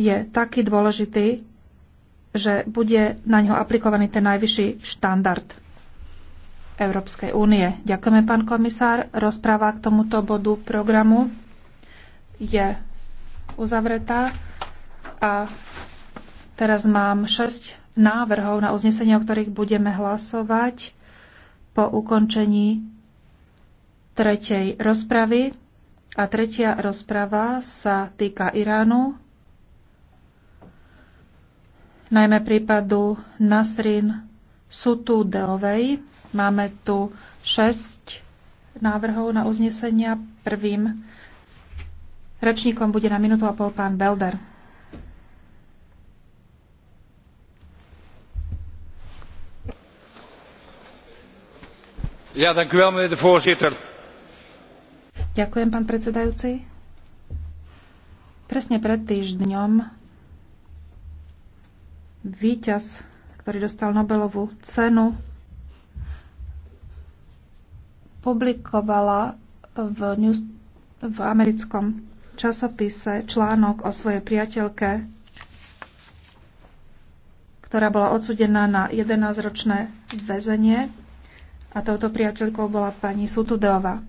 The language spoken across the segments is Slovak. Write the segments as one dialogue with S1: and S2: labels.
S1: je taký dôležitý, že bude na ňo aplikovaný ten najvyšší štandard Európskej únie. Ďakujeme, pán komisár. Rozpráva k tomuto bodu programu je uzavretá a teraz mám 6 návrhov na uznesenie, o ktorých budeme hlasovať po ukončení tretej rozpravy. A tretia rozprava sa týka Iránu najmä prípadu Nasrin Sutudeovej. Máme tu 6 návrhov na uznesenia. Prvým rečníkom bude na minútu a pol pán Belder.
S2: Ja, voorzitter.
S1: Ďakujem, pán predsedajúci. Presne pred týždňom Výťaz, ktorý dostal Nobelovú cenu, publikovala v, news, v americkom časopise článok o svojej priateľke, ktorá bola odsudená na 11-ročné väzenie a touto priateľkou bola pani Sutudeová.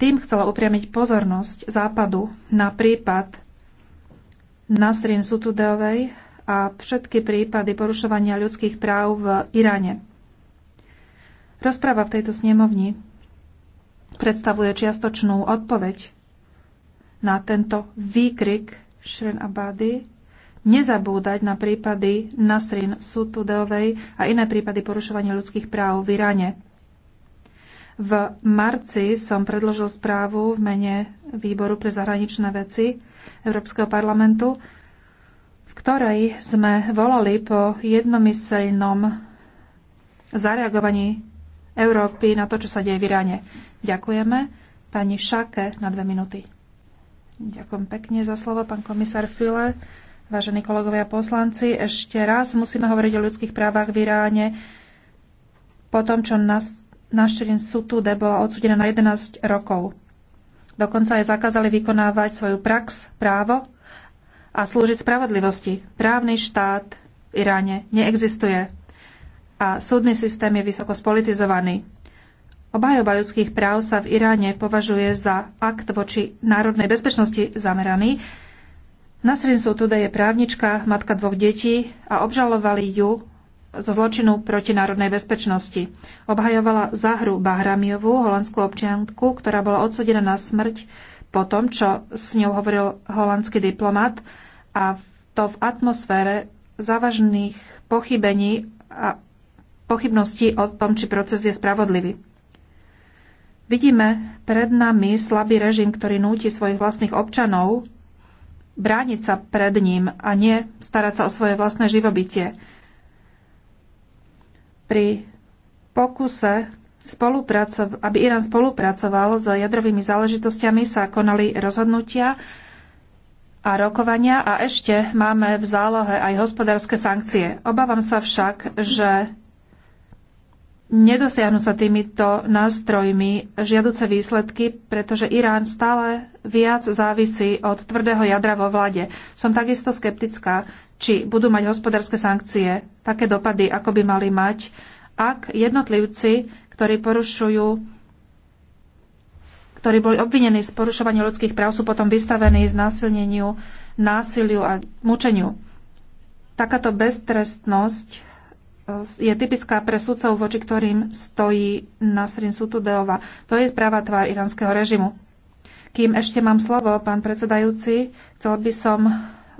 S1: Tým chcela upriamiť pozornosť Západu na prípad Nasrin Sutudeovej, a všetky prípady porušovania ľudských práv v Iráne. Rozpráva v tejto snemovni predstavuje čiastočnú odpoveď na tento výkrik Šren Abadi nezabúdať na prípady Nasrin Sutudeovej a iné prípady porušovania ľudských práv v Iráne. V marci som predložil správu v mene Výboru pre zahraničné veci Európskeho parlamentu, v ktorej sme volali po jednomyseľnom zareagovaní Európy na to, čo sa deje v Iráne. Ďakujeme. Pani Šake na dve minúty. Ďakujem pekne za slovo, pán komisár File. Vážení kolegovia poslanci, ešte raz musíme hovoriť o ľudských právach v Iráne. Po tom, čo tu, Sutude bola odsudená na 11 rokov. Dokonca aj zakázali vykonávať svoju prax, právo, a slúžiť spravodlivosti. Právny štát v Iráne neexistuje a súdny systém je vysoko spolitizovaný. Obhajoba ľudských práv sa v Iráne považuje za akt voči národnej bezpečnosti zameraný. Nasrin Sotuda je právnička, matka dvoch detí a obžalovali ju zo zločinu proti národnej bezpečnosti. Obhajovala Zahru Bahramiovu, holandskú občianku, ktorá bola odsudená na smrť po tom, čo s ňou hovoril holandský diplomat a to v atmosfére závažných pochybení a pochybností o tom, či proces je spravodlivý. Vidíme pred nami slabý režim, ktorý núti svojich vlastných občanov brániť sa pred ním a nie starať sa o svoje vlastné živobytie. Pri pokuse aby Irán spolupracoval s jadrovými záležitostiami, sa konali rozhodnutia a rokovania a ešte máme v zálohe aj hospodárske sankcie. Obávam sa však, že nedosiahnu sa týmito nástrojmi žiaduce výsledky, pretože Irán stále viac závisí od tvrdého jadra vo vlade. Som takisto skeptická, či budú mať hospodárske sankcie také dopady, ako by mali mať, ak jednotlivci ktorí porušujú ktorí boli obvinení z porušovania ľudských práv, sú potom vystavení znásilneniu, násiliu a mučeniu. Takáto beztrestnosť e, je typická pre sudcov, voči ktorým stojí Nasrin Sutudeova. To je práva tvár iránskeho režimu. Kým ešte mám slovo, pán predsedajúci, chcel by som,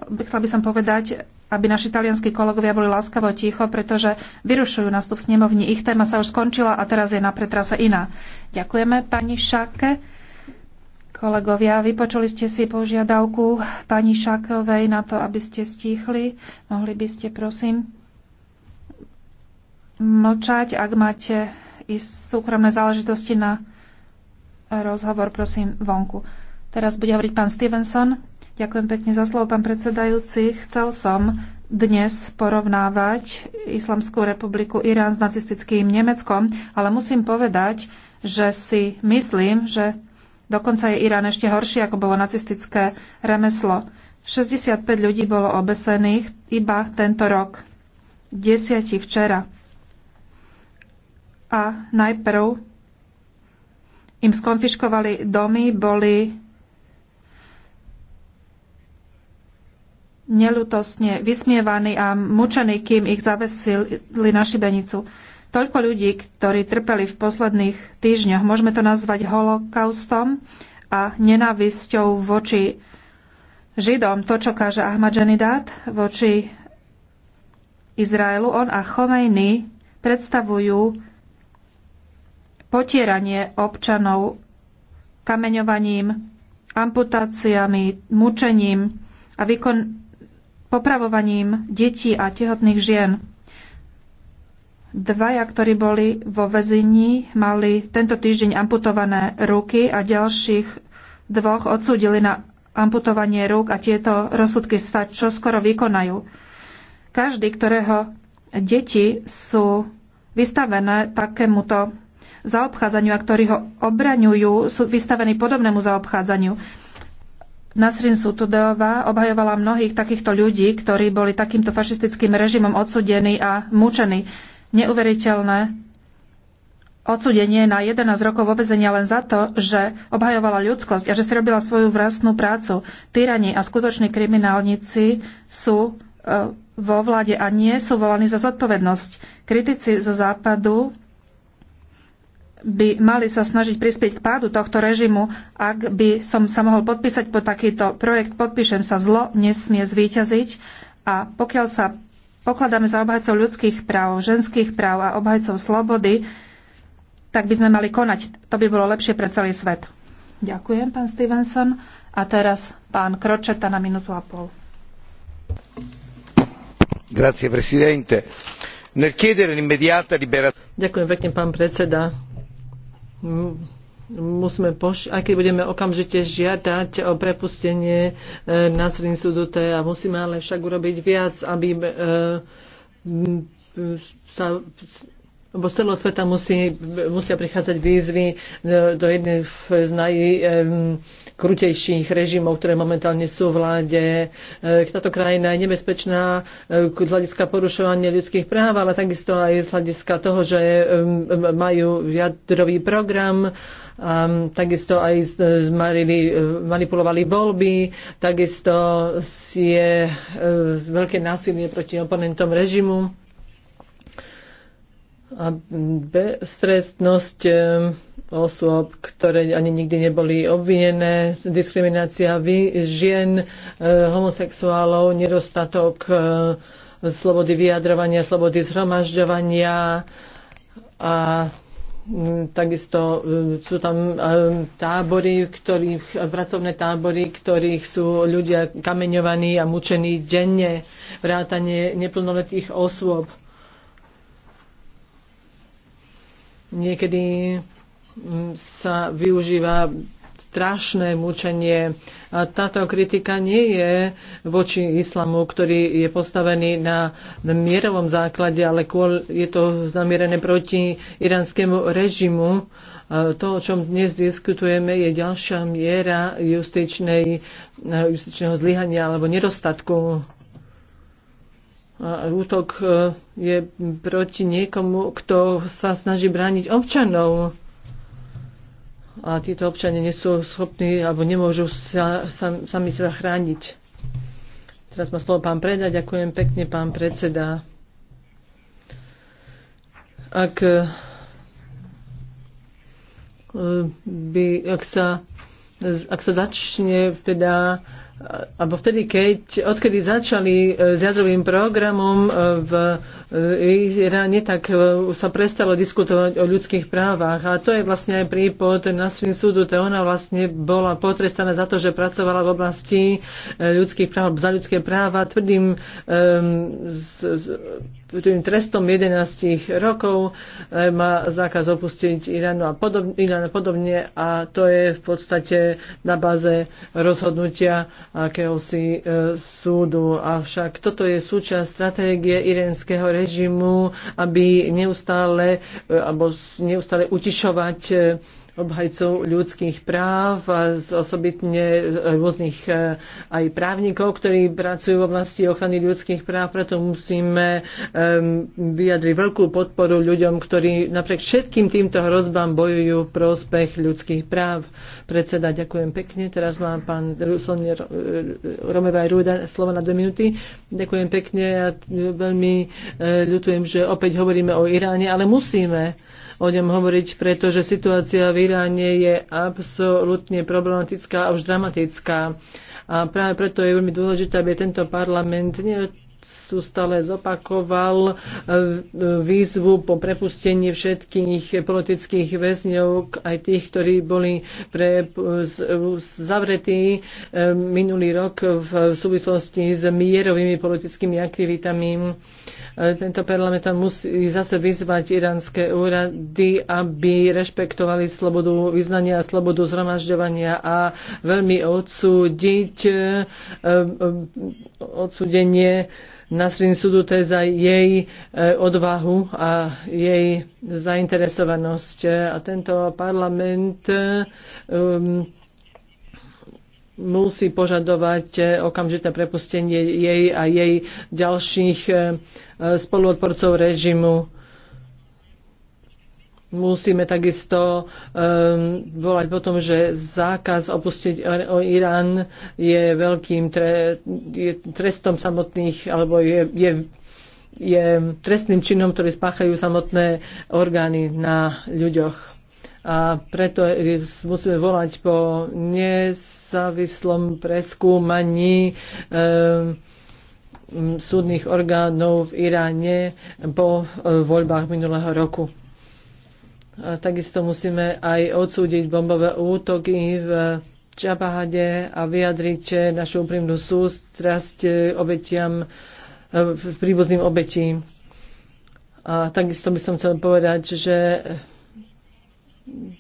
S1: chcel by som povedať aby naši talianskí kolegovia boli láskavo ticho, pretože vyrušujú nás tu v snemovni. Ich téma sa už skončila a teraz je na pretrase iná. Ďakujeme pani Šake. Kolegovia, vypočuli ste si požiadavku pani Šakovej na to, aby ste stíchli. Mohli by ste, prosím, mlčať, ak máte i súkromné záležitosti na rozhovor, prosím, vonku. Teraz bude hovoriť pán Stevenson. Ďakujem pekne za slovo, pán predsedajúci. Chcel som dnes porovnávať Islamskú republiku Irán s nacistickým Nemeckom, ale musím povedať, že si myslím, že dokonca je Irán ešte horší, ako bolo nacistické remeslo. 65 ľudí bolo obesených iba tento rok. Desiatí včera. A najprv im skonfiškovali domy, boli nelutosne vysmievaní a mučení, kým ich zavesili na šibenicu. Toľko ľudí, ktorí trpeli v posledných týždňoch, môžeme to nazvať holokaustom a nenávisťou voči Židom, to, čo káže Ahmadženidát voči Izraelu, on a Chomejny predstavujú potieranie občanov kameňovaním, amputáciami, mučením a vykon- popravovaním detí a tehotných žien. Dvaja, ktorí boli vo väzení, mali tento týždeň amputované ruky a ďalších dvoch odsúdili na amputovanie rúk a tieto rozsudky sa čoskoro vykonajú. Každý, ktorého deti sú vystavené takémuto zaobchádzaniu a ktorí ho obraňujú, sú vystavení podobnému zaobchádzaniu. Nasrin Sutudová obhajovala mnohých takýchto ľudí, ktorí boli takýmto fašistickým režimom odsudení a mučení. Neuveriteľné odsudenie na 11 rokov vo vezenia len za to, že obhajovala ľudskosť a že si robila svoju vlastnú prácu. Tyrani a skutoční kriminálnici sú e, vo vláde a nie sú volaní za zodpovednosť. Kritici zo západu by mali sa snažiť prispieť k pádu tohto režimu. Ak by som sa mohol podpísať po takýto projekt, podpíšem sa. Zlo nesmie zvíťaziť a pokiaľ sa pokladáme za obhajcov ľudských práv, ženských práv a obhajcov slobody, tak by sme mali konať. To by bolo lepšie pre celý svet. Ďakujem, pán Stevenson. A teraz pán Kročeta na minútu a pol.
S2: Grazie, presidente. Nel chiedere l'immediata liberazione...
S3: Ďakujem pekne, pán predseda musíme, poš- aj keď budeme okamžite žiadať o prepustenie e, Nasrin Sudute a musíme ale však urobiť viac, aby e, sa lebo z celého sveta musí, musia prichádzať výzvy e, do jedných z najkrutejších režimov, ktoré momentálne sú v vláde. E, táto krajina je nebezpečná e, z hľadiska porušovania ľudských práv, ale takisto aj z hľadiska toho, že majú jadrový program, a takisto aj zmarili, manipulovali voľby, takisto je veľké násilie proti oponentom režimu a bestrestnosť eh, osôb, ktoré ani nikdy neboli obvinené, diskriminácia žien, eh, homosexuálov, nedostatok eh, slobody vyjadrovania, slobody zhromažďovania a hm, takisto sú tam tábory, ktorých, pracovné tábory, ktorých sú ľudia kameňovaní a mučení denne, vrátanie neplnoletých osôb. Niekedy mm, sa využíva strašné mučenie. A táto kritika nie je voči islamu, ktorý je postavený na mierovom základe, ale je to zamierené proti iránskému režimu. A to, o čom dnes diskutujeme, je ďalšia miera justičnej, justičného zlyhania alebo nedostatku útok e, je proti niekomu, kto sa snaží brániť občanov. A títo občania nie sú schopní alebo nemôžu sa, sa, sami sa chrániť. Teraz má slovo pán Preda. Ďakujem pekne, pán predseda. Ak by, e, ak sa, ak sa začne teda alebo vtedy, keď, odkedy začali e, s jadrovým programom e, v E, Iráne, tak e, sa prestalo diskutovať o ľudských právach. A to je vlastne aj prípod svým súdu. To ona vlastne bola potrestaná za to, že pracovala v oblasti e, ľudských práv, za ľudské práva tvrdým, um, z, z, tým trestom 11 rokov. Má zákaz opustiť Iránu a podobne, Irán a podobne. A to je v podstate na báze rozhodnutia akéhosi e, súdu. Avšak toto je súčasť stratégie iránskeho režimu režimu, aby neustále, e, alebo neustále utišovať e, obhajcov ľudských práv a osobitne rôznych e, aj právnikov, ktorí pracujú v oblasti ochrany ľudských práv, preto musíme vyjadriť veľkú podporu ľuďom, ktorí napriek všetkým týmto hrozbám bojujú v prospech ľudských práv. Predseda, ďakujem pekne. Teraz mám pán Rusonier Romevaj Rúda slovo na dve minúty. Ďakujem pekne a ja veľmi e, ľutujem, že opäť hovoríme o Iráne, ale musíme o ňom hovoriť, pretože situácia v Iráne je absolútne problematická a už dramatická. A práve preto je veľmi dôležité, aby tento parlament stále zopakoval e, výzvu po prepustení všetkých politických väzňov, aj tých, ktorí boli pre, zavretí e, minulý rok v súvislosti s mierovými politickými aktivitami. E, tento parlament musí zase vyzvať iránske úrady, aby rešpektovali slobodu vyznania a slobodu zhromažďovania a veľmi odsúdiť odsúdenie Nasrin Sudute za jej e, odvahu a jej zainteresovanosť. A tento parlament e, um, musí požadovať e, okamžité prepustenie jej a jej ďalších spoluodporcov režimu musíme takisto um, volať potom, že zákaz opustiť Irán je veľkým tre, je trestom samotných, alebo je, je, je trestným činom, ktorý spáchajú samotné orgány na ľuďoch. A preto musíme volať po nezávislom preskúmaní um, súdnych orgánov v Iráne po e, voľbách minulého roku. Takisto musíme aj odsúdiť bombové útoky v Čabahade a vyjadriť našu úprimnú sústrasť obetiam, e, príbuzným obetí. A takisto by som chcel povedať, že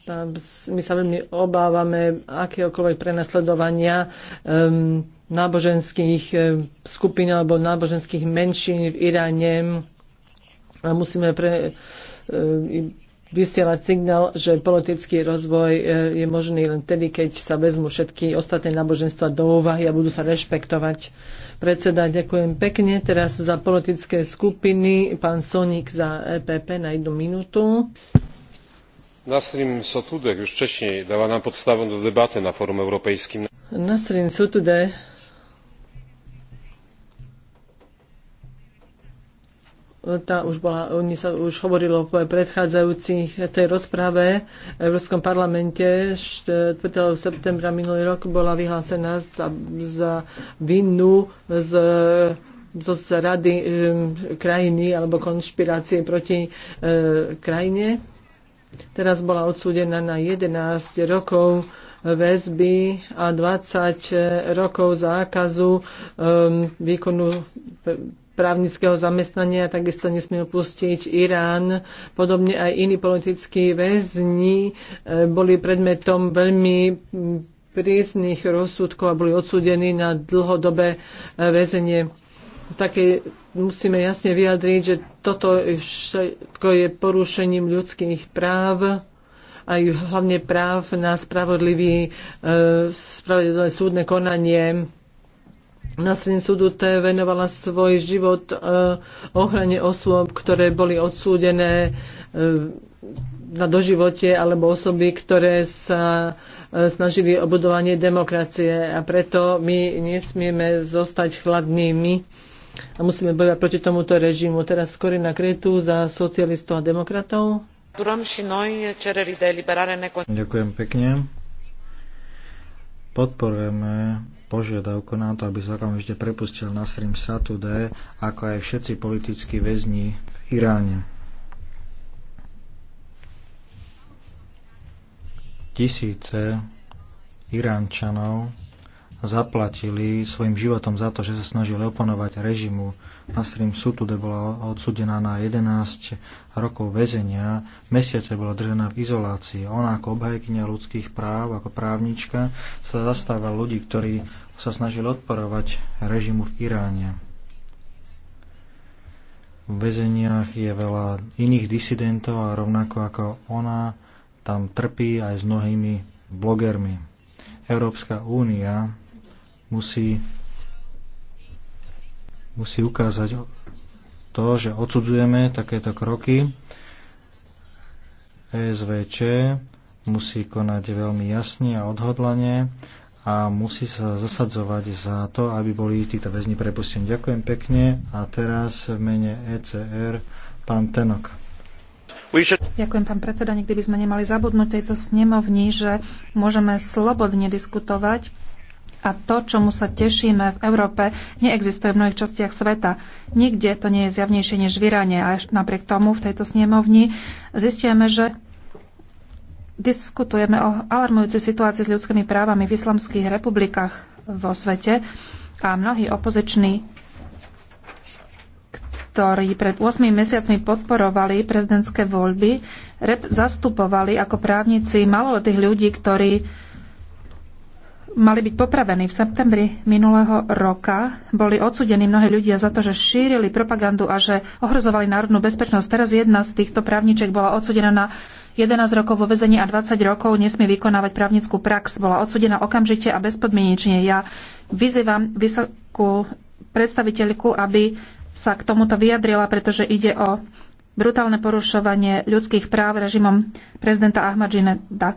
S3: tam my sa veľmi obávame akéhokoľvek prenasledovania um, náboženských um, skupín alebo náboženských menšín v Iráne. A musíme pre, um, vysielať signál, že politický rozvoj e, je možný len tedy, keď sa vezmu všetky ostatné náboženstva do úvahy a budú sa rešpektovať. Predseda, ďakujem pekne. Teraz za politické skupiny pán Sonik za EPP na jednu minútu.
S2: Nasrim Sotude už včasne dáva nám podstavu do
S4: debaty na Fórum Európejským.
S3: Nasrin Sotude tá už bola, oni sa už hovorilo v predchádzajúcich tej rozprave v Európskom parlamente 4. septembra minulý rok bola vyhlásená za, za vinu z zo rady e, krajiny alebo konšpirácie proti e, krajine. Teraz bola odsúdená na 11 rokov väzby a 20 rokov zákazu um, výkonu právnického zamestnania, takisto nesmie opustiť Irán. Podobne aj iní politickí väzni e, boli predmetom veľmi prísnych rozsudkov a boli odsúdení na dlhodobé e, väzenie. Také musíme jasne vyjadriť, že toto všetko je porušením ľudských práv aj hlavne práv na spravodlivý, e, spravodlivé súdne konanie na strane súdu T venovala svoj život e, ochrane osôb, ktoré boli odsúdené e, na doživote alebo osoby, ktoré sa e, snažili o budovanie demokracie a preto my nesmieme zostať chladnými a musíme bojovať proti tomuto režimu. Teraz na Kretu za socialistov a demokratov.
S4: Ďakujem pekne. Podporujeme požiadavku na to, aby sa okamžite prepustil Nasrim Satude, ako aj všetci politickí väzni v Iráne. Tisíce Iránčanov zaplatili svojim životom za to, že sa snažili oponovať režimu. Nasrim Sutude bola odsudená na 11 rokov väzenia, mesiace bola držená v izolácii. Ona ako obhajkynia ľudských práv, ako právnička, sa zastáva ľudí, ktorí sa snažili odporovať režimu v Iráne. V väzeniach je veľa iných disidentov a rovnako ako ona tam trpí aj s mnohými blogermi. Európska únia musí, musí ukázať to, že odsudzujeme takéto kroky. E SVČ musí konať veľmi jasne a odhodlane a musí sa zasadzovať za to, aby boli títo väzni prepustení. Ďakujem pekne a teraz v mene ECR pán Tenok.
S1: Ďakujem, pán predseda. Nikdy by sme nemali zabudnúť tejto snemovni, že môžeme slobodne diskutovať a to, čomu sa tešíme v Európe, neexistuje v mnohých častiach sveta. Nikde to nie je zjavnejšie než v Iráne a napriek tomu v tejto snemovni zistujeme, že diskutujeme o alarmujúcej situácii s ľudskými právami v islamských republikách vo svete a mnohí opoziční ktorí pred 8 mesiacmi podporovali prezidentské voľby, rep- zastupovali ako právnici maloletých ľudí, ktorí mali byť popravení. V septembri minulého roka boli odsudení mnohí ľudia za to, že šírili propagandu a že ohrozovali národnú bezpečnosť. Teraz jedna z týchto právniček bola odsudená na 11 rokov vo vezení a 20 rokov nesmie vykonávať právnickú prax. Bola odsudená okamžite a bezpodmienečne. Ja vyzývam vysokú predstaviteľku, aby sa k tomuto vyjadrila, pretože ide o brutálne porušovanie ľudských práv režimom prezidenta Ahmadžineda.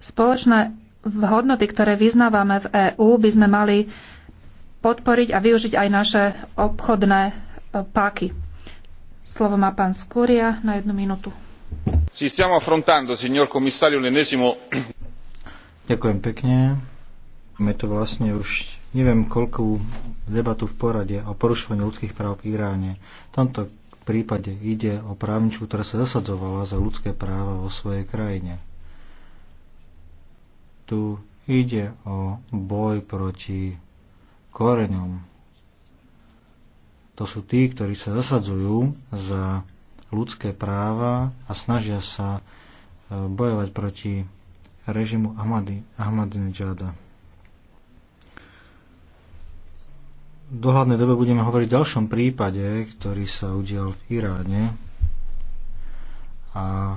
S1: Spoločné hodnoty, ktoré vyznávame v EÚ, by sme mali podporiť a využiť aj naše obchodné e, páky. Slovo má pán Skúria na jednu minútu.
S4: Ďakujem pekne. Máme to vlastne už neviem koľkú debatu v porade o porušovaní ľudských práv v Iráne. V tomto prípade ide o právničku, ktorá sa zasadzovala za ľudské práva vo svojej krajine tu ide o boj proti koreňom. To sú tí, ktorí sa zasadzujú za ľudské práva a snažia sa e, bojovať proti režimu Ahmadi, Ahmadinejada. V dohľadnej dobe budeme hovoriť o ďalšom prípade, ktorý sa udial v Iráne a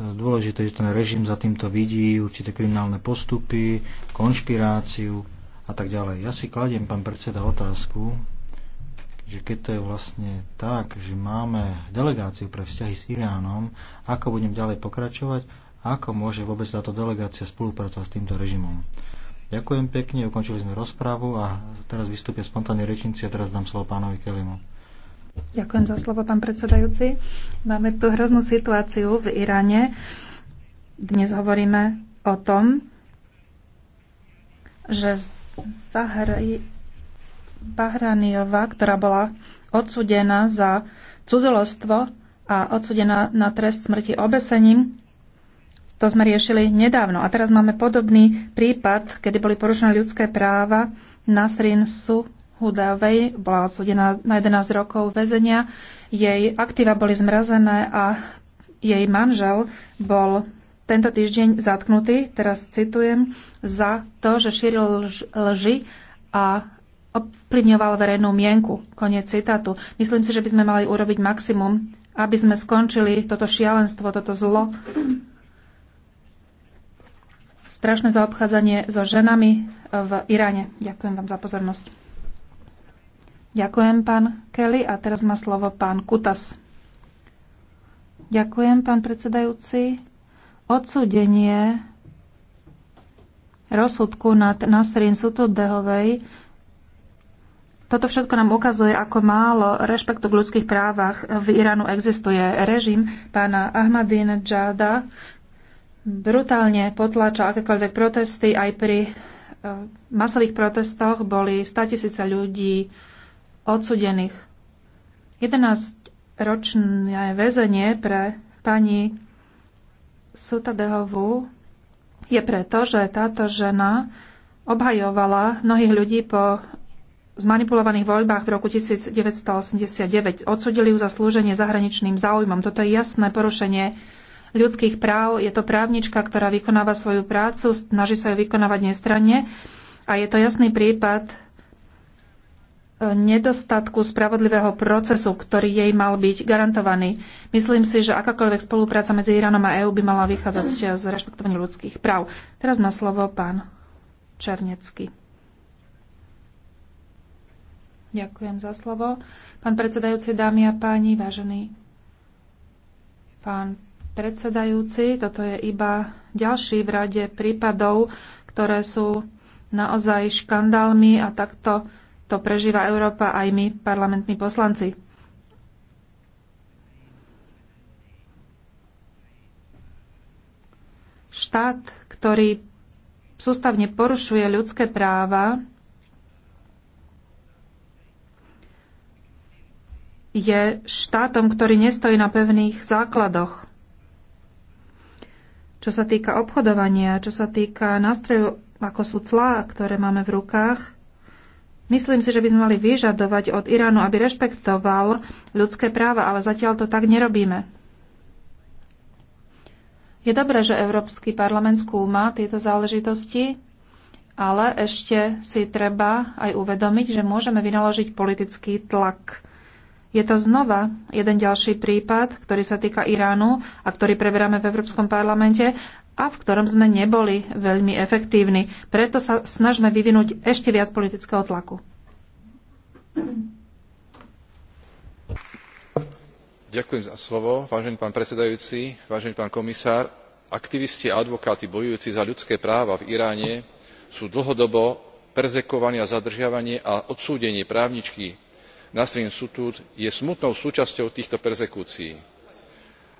S4: Dôležité, že ten režim za týmto vidí určité kriminálne postupy, konšpiráciu a tak ďalej. Ja si kladiem, pán predseda, otázku, že keď to je vlastne tak, že máme delegáciu pre vzťahy s Iránom, ako budem ďalej pokračovať, ako môže vôbec táto delegácia spolupracovať s týmto režimom. Ďakujem pekne, ukončili sme rozprávu a teraz vystúpia spontánne rečníci a teraz dám slovo pánovi Kelimu.
S1: Ďakujem za slovo, pán predsedajúci. Máme tu hroznú situáciu v Iráne. Dnes hovoríme o tom, že Sahri Bahraniová, ktorá bola odsudená za cudzolostvo a odsudená na trest smrti obesením, to sme riešili nedávno. A teraz máme podobný prípad, kedy boli porušené ľudské práva Nasrin Su Hudavej, bola odsudená na 11 rokov väzenia. Jej aktíva boli zmrazené a jej manžel bol tento týždeň zatknutý, teraz citujem, za to, že šíril lži a ovplyvňoval verejnú mienku. Koniec citátu. Myslím si, že by sme mali urobiť maximum, aby sme skončili toto šialenstvo, toto zlo. Strašné zaobchádzanie so ženami v Iráne. Ďakujem vám za pozornosť. Ďakujem, pán Kelly. A teraz má slovo pán Kutas. Ďakujem, pán predsedajúci. Odsúdenie rozsudku nad Nasrin Sutudehovej toto všetko nám ukazuje, ako málo rešpektu k ľudských právach v Iránu existuje. Režim pána Ahmadinejada brutálne potláča akékoľvek protesty. Aj pri eh, masových protestoch boli 100 tisíce ľudí odsudených. 11-ročné väzenie pre pani Sutadehovu je preto, že táto žena obhajovala mnohých ľudí po zmanipulovaných voľbách v roku 1989. Odsudili ju za slúženie zahraničným záujmom. Toto je jasné porušenie ľudských práv. Je to právnička, ktorá vykonáva svoju prácu, snaží sa ju vykonávať nestranne. A je to jasný prípad nedostatku spravodlivého procesu, ktorý jej mal byť garantovaný. Myslím si, že akákoľvek spolupráca medzi Iránom a EÚ by mala vychádzať z rešpektovania ľudských práv. Teraz má slovo pán Černecký. Ďakujem za slovo. Pán predsedajúci, dámy a páni, vážený pán predsedajúci, toto je iba ďalší v rade prípadov, ktoré sú naozaj škandálmi a takto to prežíva Európa aj my, parlamentní poslanci. Štát, ktorý sústavne porušuje ľudské práva, je štátom, ktorý nestojí na pevných základoch. Čo sa týka obchodovania, čo sa týka nástrojov, ako sú clá, ktoré máme v rukách, Myslím si, že by sme mali vyžadovať od Iránu, aby rešpektoval ľudské práva, ale zatiaľ to tak nerobíme. Je dobré, že Európsky parlament skúma tieto záležitosti, ale ešte si treba aj uvedomiť, že môžeme vynaložiť politický tlak. Je to znova jeden ďalší prípad, ktorý sa týka Iránu a ktorý preberáme v Európskom parlamente a v ktorom sme neboli veľmi efektívni. Preto sa snažme vyvinúť ešte viac politického tlaku.
S2: Ďakujem za slovo, vážený pán predsedajúci, vážený pán komisár. Aktivisti a advokáti bojujúci za ľudské práva v Iráne sú dlhodobo perzekovaní a zadržiavanie a odsúdenie právničky Nasrin Sutút je smutnou súčasťou týchto perzekúcií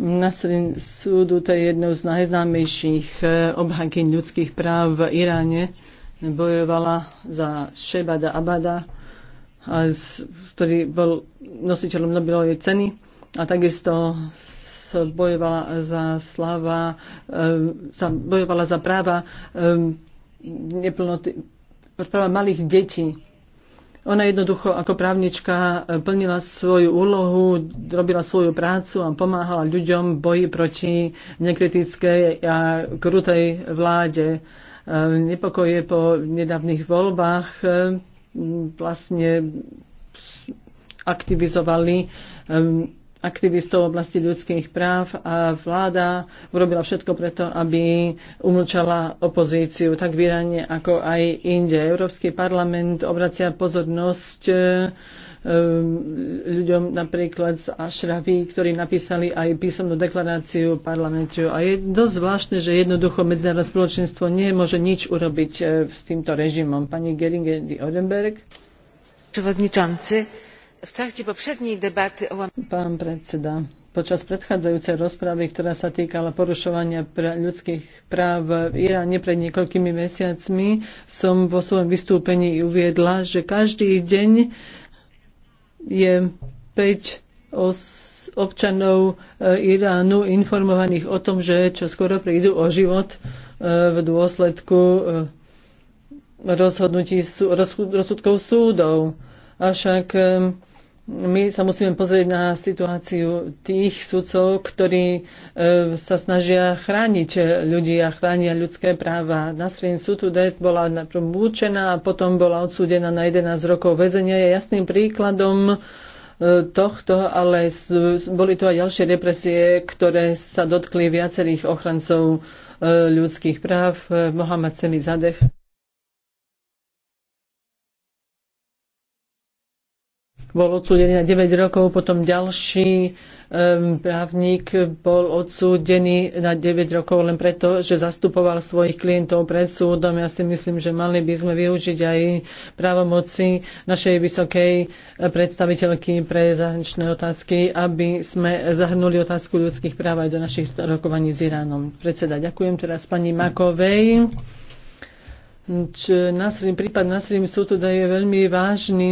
S3: na súdu, to je jednou z najznámejších e, obhankyň ľudských práv v Iráne. Bojovala za Šebada Abada, ktorý bol nositeľom Nobelovej ceny a takisto bojovala za slava, e, za, bojovala za práva e, neplnoty, práva malých detí ona jednoducho ako právnička e, plnila svoju úlohu, robila svoju prácu a pomáhala ľuďom v boji proti nekritickej a krutej vláde. E, Nepokoje po nedávnych voľbách e, vlastne aktivizovali aktivistov v oblasti ľudských práv a vláda urobila všetko preto, aby umlčala opozíciu tak v Iráne ako aj inde. Európsky parlament obracia pozornosť e, ľuďom napríklad z Ašravy, ktorí napísali aj písomnú deklaráciu parlamentu. A je dosť zvláštne, že jednoducho medzinárodné spoločenstvo nemôže nič urobiť e, s týmto režimom. Pani Geringer-Orenberg. Przewodniczący, v trakte poprzedniej debaty o... Pán predseda, počas predchádzajúcej rozpravy, ktorá sa týkala porušovania ľudských práv v Iráne pred niekoľkými mesiacmi, som vo svojom vystúpení uviedla, že každý deň je 5 os- občanov e, Iránu informovaných o tom, že čo skoro prídu o život v e, dôsledku e, rozhodnutí rozsudkov súdov. Avšak my sa musíme pozrieť na situáciu tých sudcov, ktorí e, sa snažia chrániť ľudí a chránia ľudské práva. Nasrin Sutudet bola najprv múčená a potom bola odsúdená na 11 rokov väzenia. Je jasným príkladom e, tohto, ale boli tu aj ďalšie represie, ktoré sa dotkli viacerých ochrancov e, ľudských práv. Mohamed Semi Zadeh. bol odsúdený na 9 rokov, potom ďalší právnik bol odsúdený na 9 rokov len preto, že zastupoval svojich klientov pred súdom. Ja si myslím, že mali by sme využiť aj právomoci našej vysokej eh, predstaviteľky pre zahraničné otázky, aby sme zahrnuli otázku ľudských práv aj do našich rokovaní s Iránom. Predseda, ďakujem teraz pani Makovej. Nasrim, prípad sú Sutuda je veľmi vážny,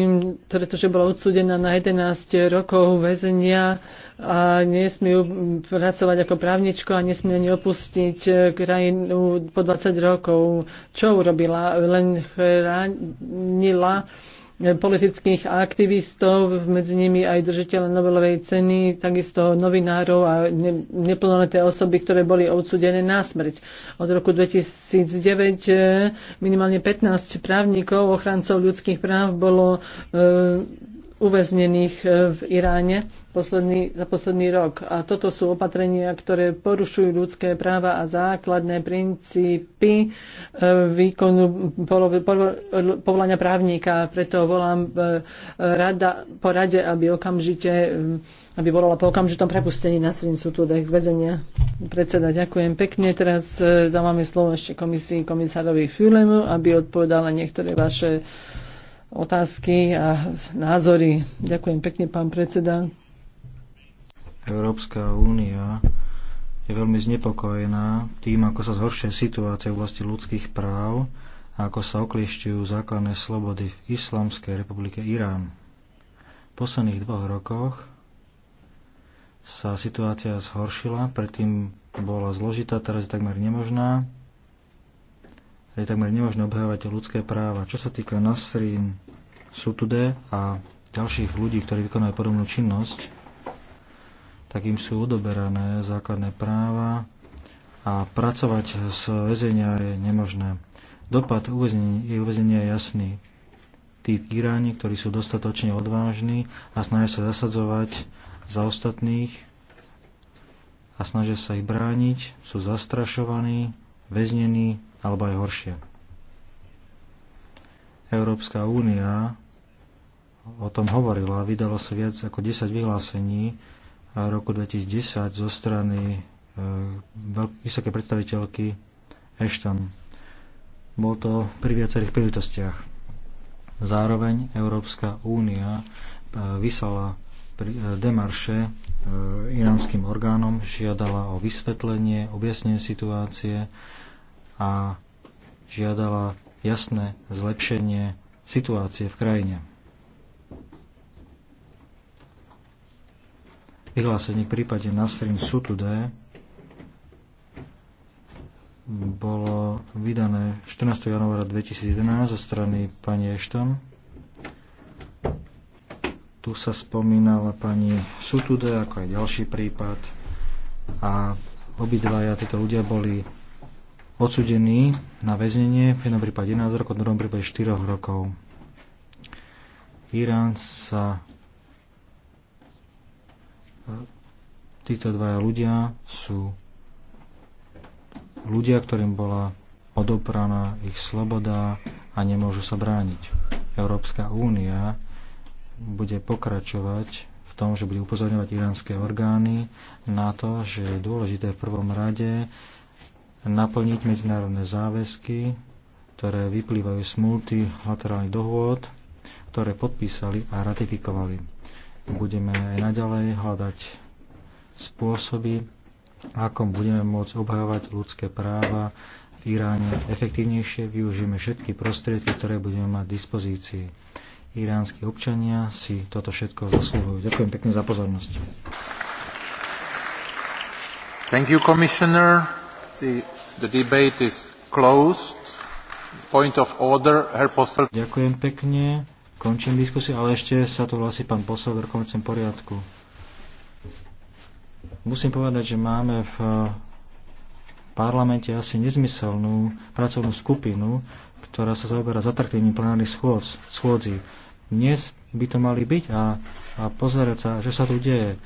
S3: pretože bola odsúdená na 11 rokov väzenia a nesmie pracovať ako právničko a nesmie ani opustiť krajinu po 20 rokov. Čo urobila? Len chránila politických aktivistov, medzi nimi aj držiteľa Nobelovej ceny, takisto novinárov a neplnoleté osoby, ktoré boli odsudené na smrť. Od roku 2009 eh, minimálne 15 právnikov, ochrancov ľudských práv bolo eh, uväznených e, v Iráne posledný, za posledný rok. A toto sú opatrenia, ktoré porušujú ľudské práva a základné princípy e, výkonu povolania právnika. Preto volám e, rada, po rade, aby okamžite aby volala po okamžitom prepustení na srin sú tu z väzenia. Predseda, ďakujem pekne. Teraz dávame slovo ešte komisii komisárovi Fulemu, aby odpovedala niektoré vaše otázky a názory. Ďakujem pekne, pán predseda.
S4: Európska únia je veľmi znepokojená tým, ako sa zhoršuje situácia v oblasti ľudských práv a ako sa okliešťujú základné slobody v Islamskej republike Irán. V posledných dvoch rokoch sa situácia zhoršila, predtým bola zložitá, teraz je takmer nemožná je takmer nemožné obhajovať ľudské práva. Čo sa týka Nasrin Sutude a ďalších ľudí, ktorí vykonajú podobnú činnosť, tak im sú odoberané základné práva a pracovať z väzenia je nemožné. Dopad jej uväznenia je jasný. Tí Iráni, ktorí sú dostatočne odvážni a snažia sa zasadzovať za ostatných a snažia sa ich brániť, sú zastrašovaní, väznení alebo aj horšie. Európska únia o tom hovorila, vydalo sa viac ako 10 vyhlásení a roku 2010 zo strany e, vysoké predstaviteľky Ashton. Bol to pri viacerých príležitostiach. Zároveň Európska únia e, vyslala e, demarše iránskym orgánom, žiadala o vysvetlenie, objasnenie situácie a žiadala jasné zlepšenie situácie v krajine. Vyhlásenie v prípade Nasrin Sutude bolo vydané 14. januára 2011 zo strany pani Ešton. Tu sa spomínala pani Sutude, ako aj ďalší prípad. A obidvaja títo ľudia boli odsudený na väznenie, v jednom prípade 11 rokov, v druhom prípade 4 rokov. Irán sa e, títo dvaja ľudia sú ľudia, ktorým bola odopraná ich sloboda a nemôžu sa brániť. Európska únia bude pokračovať v tom, že bude upozorňovať iránske orgány na to, že je dôležité v prvom rade naplniť medzinárodné záväzky, ktoré vyplývajú z multilaterálnych dohôd, ktoré podpísali a ratifikovali. Budeme aj naďalej hľadať spôsoby, ako budeme môcť obhajovať ľudské práva v Iráne efektívnejšie, využijeme všetky prostriedky, ktoré budeme mať v dispozícii. Iránsky občania si toto všetko zaslúhujú. Ďakujem pekne za pozornosť. Thank you, Commissioner.
S2: The Ďakujem
S4: pekne. Končím diskusiu, ale ešte sa tu hlasí pán posel v rokovacom poriadku. Musím povedať, že máme v eh, parlamente asi nezmyselnú pracovnú skupinu, ktorá sa zaoberá zatraktívnym plenárnych schôdzí. Dnes by to mali byť a, a pozerať sa, že sa tu deje.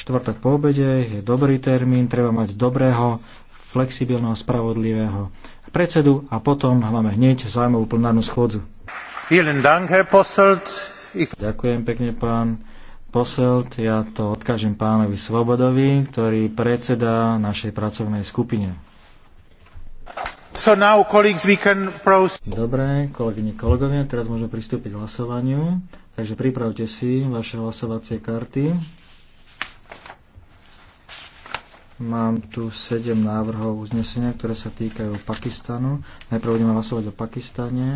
S4: Štvrtok po obede je dobrý termín, treba mať dobrého flexibilného, spravodlivého predsedu a potom máme hneď zájmovú plnárnu schôdzu. Ďakujem pekne, pán Poselt. Ja to odkážem pánovi Svobodovi, ktorý predseda našej pracovnej skupine. So now, colleagues, we can Dobre, kolegyne, kolegovia, teraz môžeme pristúpiť k hlasovaniu. Takže pripravte si vaše hlasovacie karty. Mám tu sedem návrhov uznesenia, ktoré sa týkajú Pakistanu. Najprv budeme hlasovať o Pakistane.